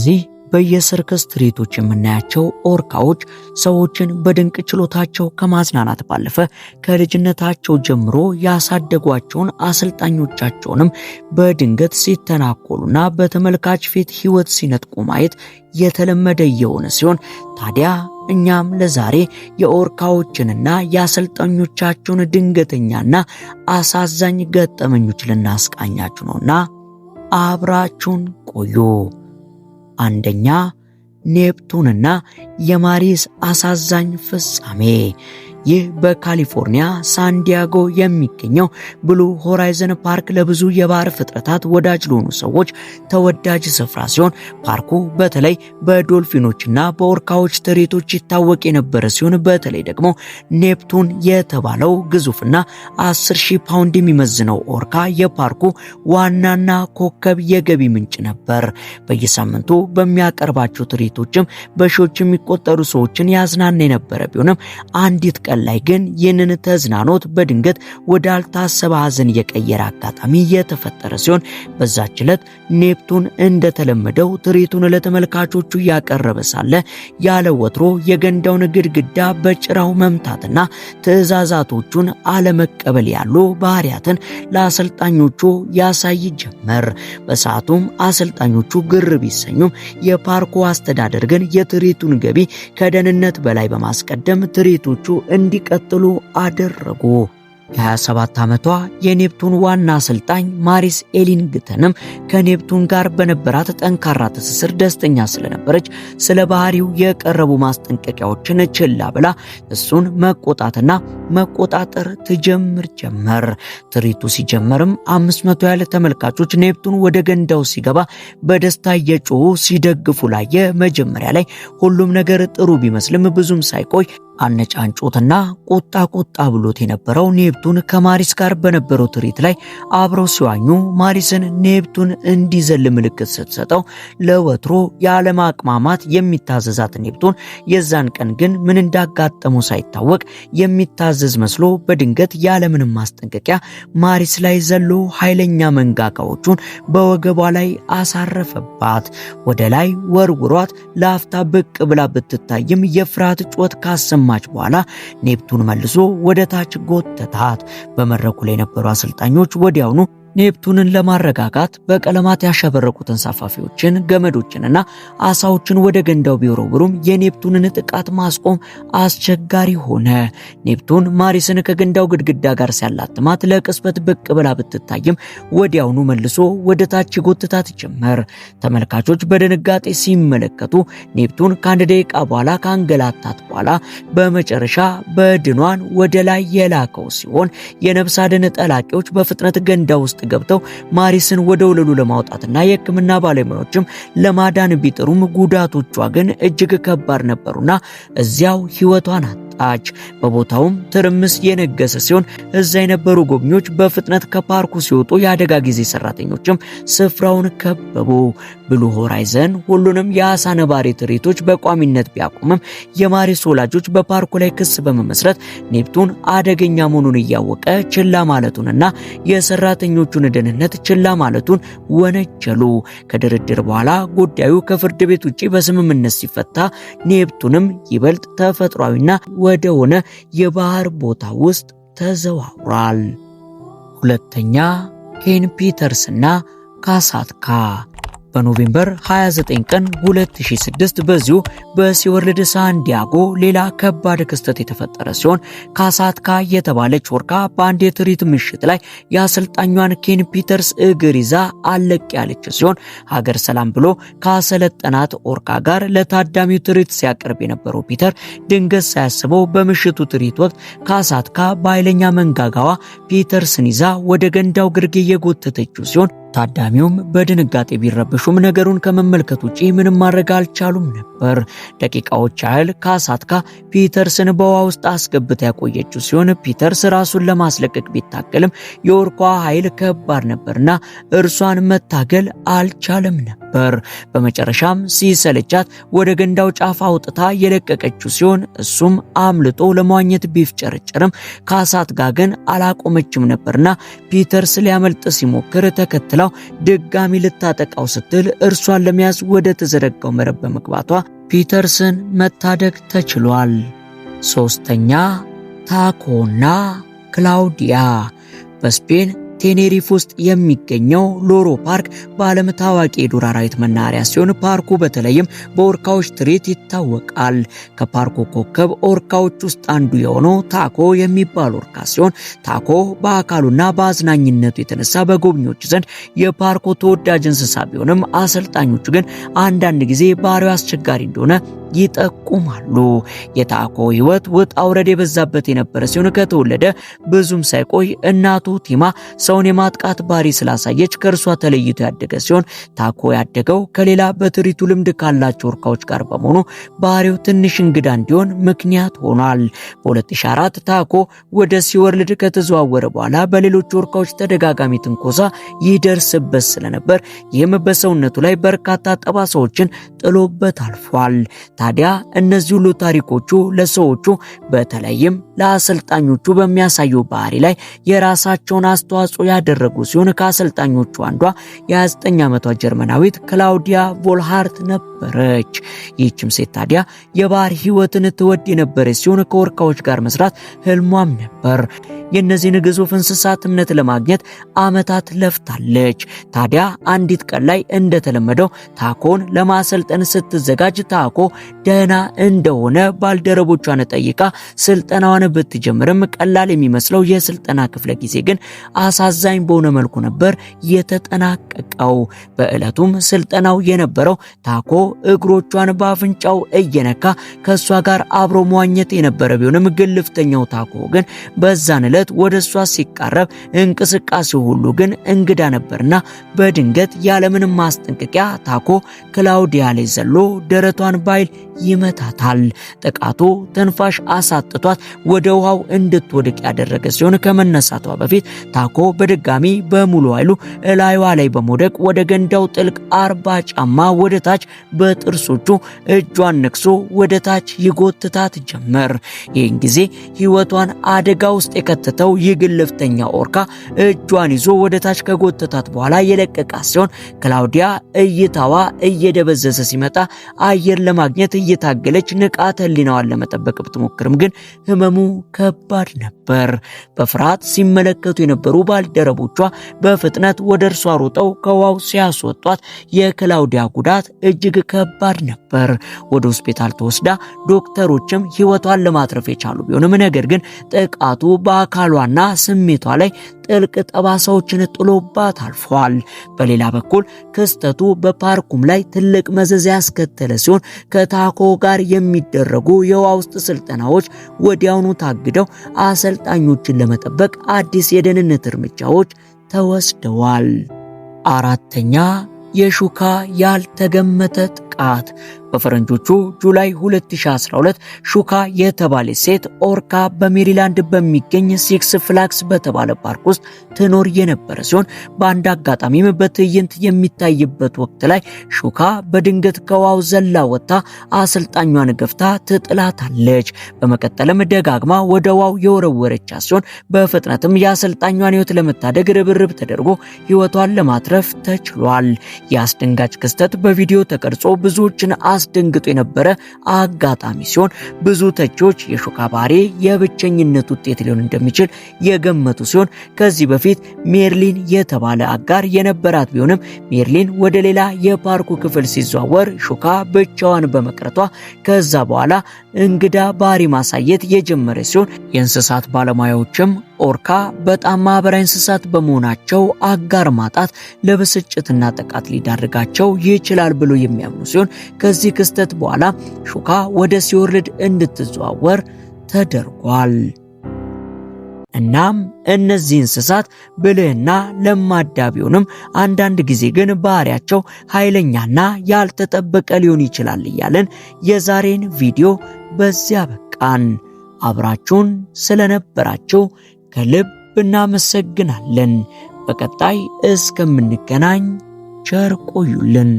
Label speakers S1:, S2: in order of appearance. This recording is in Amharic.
S1: እነዚህ በየሰርከስ ትርኢቶች የምናያቸው ኦርካዎች ሰዎችን በድንቅ ችሎታቸው ከማዝናናት ባለፈ ከልጅነታቸው ጀምሮ ያሳደጓቸውን አሰልጣኞቻቸውንም በድንገት ሲተናኮሉና በተመልካች ፊት ሕይወት ሲነጥቁ ማየት የተለመደ የሆነ ሲሆን ታዲያ እኛም ለዛሬ የኦርካዎችንና የአሰልጣኞቻቸውን ድንገተኛና አሳዛኝ ገጠመኞች ልናስቃኛችሁ ነውና አብራችሁን ቆዩ። አንደኛ ኔፕቱንና የማሪስ አሳዛኝ ፍጻሜ ይህ በካሊፎርኒያ ሳንዲያጎ የሚገኘው ብሉ ሆራይዘን ፓርክ ለብዙ የባህር ፍጥረታት ወዳጅ ለሆኑ ሰዎች ተወዳጅ ስፍራ ሲሆን ፓርኩ በተለይ በዶልፊኖችና በኦርካዎች ትርኢቶች ይታወቅ የነበረ ሲሆን በተለይ ደግሞ ኔፕቱን የተባለው ግዙፍና 10 ሺህ ፓውንድ የሚመዝነው ኦርካ የፓርኩ ዋናና ኮከብ የገቢ ምንጭ ነበር። በየሳምንቱ በሚያቀርባቸው ትርኢቶችም በሺዎች የሚቆጠሩ ሰዎችን ያዝናና የነበረ ቢሆንም አንዲት ቀን ላይ ግን ይህንን ተዝናኖት በድንገት ወዳልታሰበ ሐዘን የቀየረ አጋጣሚ የተፈጠረ ሲሆን በዛች ዕለት ኔፕቱን እንደተለመደው ትርኢቱን ለተመልካቾቹ እያቀረበ ሳለ ያለ ወትሮ የገንዳውን ግድግዳ በጭራው መምታትና ትዕዛዛቶቹን አለመቀበል ያሉ ባህሪያትን ለአሰልጣኞቹ ያሳይ ጀመር። በሰዓቱም አሰልጣኞቹ ግር ቢሰኙም የፓርኩ አስተዳደር ግን የትርኢቱን ገቢ ከደህንነት በላይ በማስቀደም ትርኢቶቹ እንዲቀጥሉ አደረጉ። የ27 ዓመቷ የኔፕቱን ዋና አሰልጣኝ ማሪስ ኤሊንግተንም ከኔፕቱን ጋር በነበራት ጠንካራ ትስስር ደስተኛ ስለነበረች ስለ ባህሪው የቀረቡ ማስጠንቀቂያዎችን ችላ ብላ እሱን መቆጣትና መቆጣጠር ትጀምር ጀመር። ትርኢቱ ሲጀመርም 500 ያህል ተመልካቾች ኔፕቱን ወደ ገንዳው ሲገባ በደስታ እየጮሁ ሲደግፉ ላየ። መጀመሪያ ላይ ሁሉም ነገር ጥሩ ቢመስልም ብዙም ሳይቆይ አነጫንጮትና ቁጣ ቁጣ ብሎት የነበረው ኔብቱን ከማሪስ ጋር በነበረው ትርኢት ላይ አብረው ሲዋኙ ማሪስን ኔብቱን እንዲዘል ምልክት ስትሰጠው ለወትሮ የዓለም አቅማማት የሚታዘዛት ኔብቱን የዛን ቀን ግን ምን እንዳጋጠመው ሳይታወቅ የሚታዘዝ መስሎ በድንገት ያለምንም ማስጠንቀቂያ ማሪስ ላይ ዘሎ ኃይለኛ መንጋጋዎቹን በወገቧ ላይ አሳረፈባት። ወደ ላይ ወርውሯት ለአፍታ ብቅ ብላ ብትታይም የፍርሃት ጩኸት ካሰማ ከሰማች በኋላ ኔፕቱን መልሶ ወደ ታች ጎተታት። በመድረኩ ላይ የነበሩ አሰልጣኞች ወዲያውኑ ኔፕቱንን ለማረጋጋት በቀለማት ያሸበረቁትን ተንሳፋፊዎችን ገመዶችንና አሳዎችን ወደ ገንዳው ቢወረውሩም የኔፕቱንን ጥቃት ማስቆም አስቸጋሪ ሆነ። ኔፕቱን ማሪስን ከገንዳው ግድግዳ ጋር ሲያላትማት ለቅጽበት ብቅ ብላ ብትታይም ወዲያውኑ መልሶ ወደ ታች ጎትታት ጀመር። ተመልካቾች በድንጋጤ ሲመለከቱ ኔፕቱን ከአንድ ደቂቃ በኋላ ከአንገላታት በኋላ በመጨረሻ በድኗን ወደ ላይ የላከው ሲሆን የነፍስ አድን ጠላቂዎች በፍጥነት ገንዳ ውስጥ ውስጥ ገብተው ማሪስን ወደ ወለሉ ለማውጣትና የሕክምና ባለሙያዎችም ለማዳን ቢጥሩም ጉዳቶቿ ግን እጅግ ከባድ ነበሩና እዚያው ሕይወቷ ናት። ወጣች። በቦታውም ትርምስ የነገሰ ሲሆን እዛ የነበሩ ጎብኚዎች በፍጥነት ከፓርኩ ሲወጡ የአደጋ ጊዜ ሰራተኞችም ስፍራውን ከበቡ። ብሉ ሆራይዘን ሁሉንም የአሳ ነባሪ ትርኢቶች በቋሚነት ቢያቆምም የማሪስ ወላጆች በፓርኩ ላይ ክስ በመመስረት ኔፕቱን አደገኛ መሆኑን እያወቀ ችላ ማለቱንና የሰራተኞቹን ደህንነት ችላ ማለቱን ወነጀሉ። ከድርድር በኋላ ጉዳዩ ከፍርድ ቤት ውጭ በስምምነት ሲፈታ ኔፕቱንም ይበልጥ ተፈጥሯዊና ወደ ሆነ የባህር ቦታ ውስጥ ተዘዋውሯል። ሁለተኛ ኬን ፒተርስና ካሳትካ በኖቬምበር 29 ቀን 2006 በዚሁ በሲወርልድ ሳንዲያጎ ሌላ ከባድ ክስተት የተፈጠረ ሲሆን ካሳትካ የተባለች ወርካ በአንድ የትርኢት ምሽት ላይ የአሰልጣኟን ኬን ፒተርስ እግር ይዛ አለቅ ያለች ሲሆን ሀገር ሰላም ብሎ ካሰለጠናት ኦርካ ጋር ለታዳሚው ትርኢት ሲያቀርብ የነበረው ፒተር ድንገት ሳያስበው በምሽቱ ትርኢት ወቅት ካሳትካ በኃይለኛ መንጋጋዋ ፒተርስን ይዛ ወደ ገንዳው ግርጌ የጎተተችው ሲሆን ታዳሚውም በድንጋጤ ቢረብሹም ነገሩን ከመመልከት ውጪ ምንም ማድረግ አልቻሉም ነበር። ደቂቃዎች ያህል ካሳትካ ፒተርስን በውሃ ውስጥ አስገብታ ያቆየችው ሲሆን ፒተርስ ራሱን ለማስለቀቅ ቢታገልም የወርኳ ኃይል ከባድ ነበርና እርሷን መታገል አልቻለም ነበር። በመጨረሻም ሲሰለቻት ወደ ገንዳው ጫፍ አውጥታ የለቀቀችው ሲሆን እሱም አምልጦ ለመዋኘት ቢፍጨረጨርም ካሳትካ ግን አላቆመችም ነበርና ፒተርስ ሊያመልጥ ሲሞክር ተከትላ ስትበላው ድጋሚ ልታጠቃው ስትል እርሷን ለመያዝ ወደ ተዘረጋው መረብ በመግባቷ ፒተርስን መታደግ ተችሏል። ሶስተኛ ታኮና ክላውዲያ በስፔን ቴኔሪፍ ውስጥ የሚገኘው ሎሮ ፓርክ በዓለም ታዋቂ የዱር አራዊት መናኸሪያ ሲሆን ፓርኩ በተለይም በኦርካዎች ትርኢት ይታወቃል። ከፓርኩ ኮከብ ኦርካዎች ውስጥ አንዱ የሆነው ታኮ የሚባል ኦርካ ሲሆን ታኮ በአካሉና በአዝናኝነቱ የተነሳ በጎብኚዎች ዘንድ የፓርኩ ተወዳጅ እንስሳ ቢሆንም አሰልጣኞቹ ግን አንዳንድ ጊዜ ባህሪው አስቸጋሪ እንደሆነ ይጠቁማሉ። የታኮ ሕይወት ውጣ ውረድ የበዛበት የነበረ ሲሆን ከተወለደ ብዙም ሳይቆይ እናቱ ቲማ ሰውን የማጥቃት ባህሪ ስላሳየች ከእርሷ ተለይቶ ያደገ ሲሆን ታኮ ያደገው ከሌላ በትሪቱ ልምድ ካላቸው እርካዎች ጋር በመሆኑ ባህሪው ትንሽ እንግዳ እንዲሆን ምክንያት ሆኗል። በ2004 ታኮ ወደ ሲወርልድ ከተዘዋወረ በኋላ በሌሎች ወርካዎች ተደጋጋሚ ትንኮሳ ይደርስበት ስለነበር ይህም በሰውነቱ ላይ በርካታ ጠባሳዎችን ጥሎበት አልፏል። ታዲያ እነዚህ ሁሉ ታሪኮቹ ለሰዎቹ በተለይም ለአሰልጣኞቹ በሚያሳየው ባህሪ ላይ የራሳቸውን አስተዋጽኦ ያደረጉ ሲሆን ከአሰልጣኞቹ አንዷ የ29 ዓመቷ ጀርመናዊት ክላውዲያ ቮልሃርት ነበረች። ይህችም ሴት ታዲያ የባህር ህይወትን ትወድ የነበረች ሲሆን ከወርቃዎች ጋር መስራት ህልሟም ነበር። የእነዚህን ግዙፍ እንስሳት እምነት ለማግኘት ዓመታት ለፍታለች። ታዲያ አንዲት ቀን ላይ እንደተለመደው ታኮን ለማሰልጠን ስትዘጋጅ ታኮ ደህና እንደሆነ ባልደረቦቿን ጠይቃ ስልጠናዋን ብትጀምርም ቀላል የሚመስለው የስልጠና ክፍለ ጊዜ ግን አሳ አሳዛኝ በሆነ መልኩ ነበር የተጠናቀቀው። በዕለቱም ስልጠናው የነበረው ታኮ እግሮቿን በአፍንጫው እየነካ ከእሷ ጋር አብሮ መዋኘት የነበረ ቢሆንም ግልፍተኛው ታኮ ግን በዛን ዕለት ወደ እሷ ሲቃረብ እንቅስቃሴው ሁሉ ግን እንግዳ ነበርና በድንገት ያለምንም ማስጠንቀቂያ ታኮ ክላውዲያ ላይ ዘሎ ደረቷን ባይል ይመታታል። ጥቃቱ ትንፋሽ አሳጥቷት ወደ ውሃው እንድትወድቅ ያደረገ ሲሆን ከመነሳቷ በፊት ታኮ በድጋሚ በሙሉ ኃይሉ እላዩዋ ላይ በመውደቅ ወደ ገንዳው ጥልቅ አርባ ጫማ ወደ ታች በጥርሶቹ እጇን ነክሶ ወደ ታች ይጎትታት ጀመር። ይህን ጊዜ ሕይወቷን አደጋ ውስጥ የከተተው የግልፍተኛ ኦርካ እጇን ይዞ ወደ ታች ከጎተታት በኋላ የለቀቃ ሲሆን ክላውዲያ እይታዋ እየደበዘዘ ሲመጣ አየር ለማግኘት እየታገለች ንቃተ ሕሊናዋን ለመጠበቅ ብትሞክርም ግን ህመሙ ከባድ ነበር። በፍርሃት ሲመለከቱ የነበሩ ባልደረቦቿ በፍጥነት ወደ እርሷ ሮጠው ከውሃው ሲያስወጧት የክላውዲያ ጉዳት እጅግ ከባድ ነበር። ወደ ሆስፒታል ተወስዳ ዶክተሮችም ሕይወቷን ለማትረፍ የቻሉ ቢሆንም ነገር ግን ጥቃቱ በአካሏና ስሜቷ ላይ ጥልቅ ጠባሳዎችን ጥሎባት አልፏል። በሌላ በኩል ክስተቱ በፓርኩም ላይ ትልቅ መዘዝ ያስከተለ ሲሆን ከታኮ ጋር የሚደረጉ የውሃ ውስጥ ስልጠናዎች ወዲያውኑ ታግደው አሰልጣኞችን ለመጠበቅ አዲስ የደህንነት እርምጃዎች ተወስደዋል። አራተኛ የሹካ ያልተገመተ ጥቃት በፈረንጆቹ ጁላይ 2012 ሹካ የተባለች ሴት ኦርካ በሜሪላንድ በሚገኝ ሲክስ ፍላክስ በተባለ ፓርክ ውስጥ ትኖር የነበረ ሲሆን በአንድ አጋጣሚም በትዕይንት የሚታይበት ወቅት ላይ ሹካ በድንገት ከዋው ዘላ ወጥታ አሰልጣኟን ገፍታ ትጥላታለች። በመቀጠልም ደጋግማ ወደ ዋው የወረወረቻ ሲሆን በፍጥነትም የአሰልጣኟን ሕይወት ለመታደግ ርብርብ ተደርጎ ሕይወቷን ለማትረፍ ተችሏል። የአስደንጋጭ ክስተት በቪዲዮ ተቀርጾ ብዙዎችን አስደንግጦ የነበረ አጋጣሚ ሲሆን ብዙ ተቾች የሾካ ባሬ የብቸኝነት ውጤት ሊሆን እንደሚችል የገመቱ ሲሆን ከዚህ በፊት ሜርሊን የተባለ አጋር የነበራት ቢሆንም ሜርሊን ወደ ሌላ የፓርኩ ክፍል ሲዘዋወር ሾካ ብቻዋን በመቅረቷ ከዛ በኋላ እንግዳ ባህሪ ማሳየት የጀመረ ሲሆን የእንስሳት ባለሙያዎችም ኦርካ በጣም ማህበራዊ እንስሳት በመሆናቸው አጋር ማጣት ለብስጭትና ጥቃት ሊዳርጋቸው ይችላል ብሎ የሚያምኑ ሲሆን ከዚህ ከዚህ ክስተት በኋላ ሹካ ወደ ሲወርልድ እንድትዘዋወር ተደርጓል። እናም እነዚህ እንስሳት ብልህና ለማዳ ቢሆንም አንዳንድ ጊዜ ግን ባህሪያቸው ኃይለኛና ያልተጠበቀ ሊሆን ይችላል እያለን የዛሬን ቪዲዮ በዚያ በቃን። አብራችሁን ስለነበራችሁ ከልብ እናመሰግናለን። በቀጣይ እስከምንገናኝ ቸር ቆዩልን።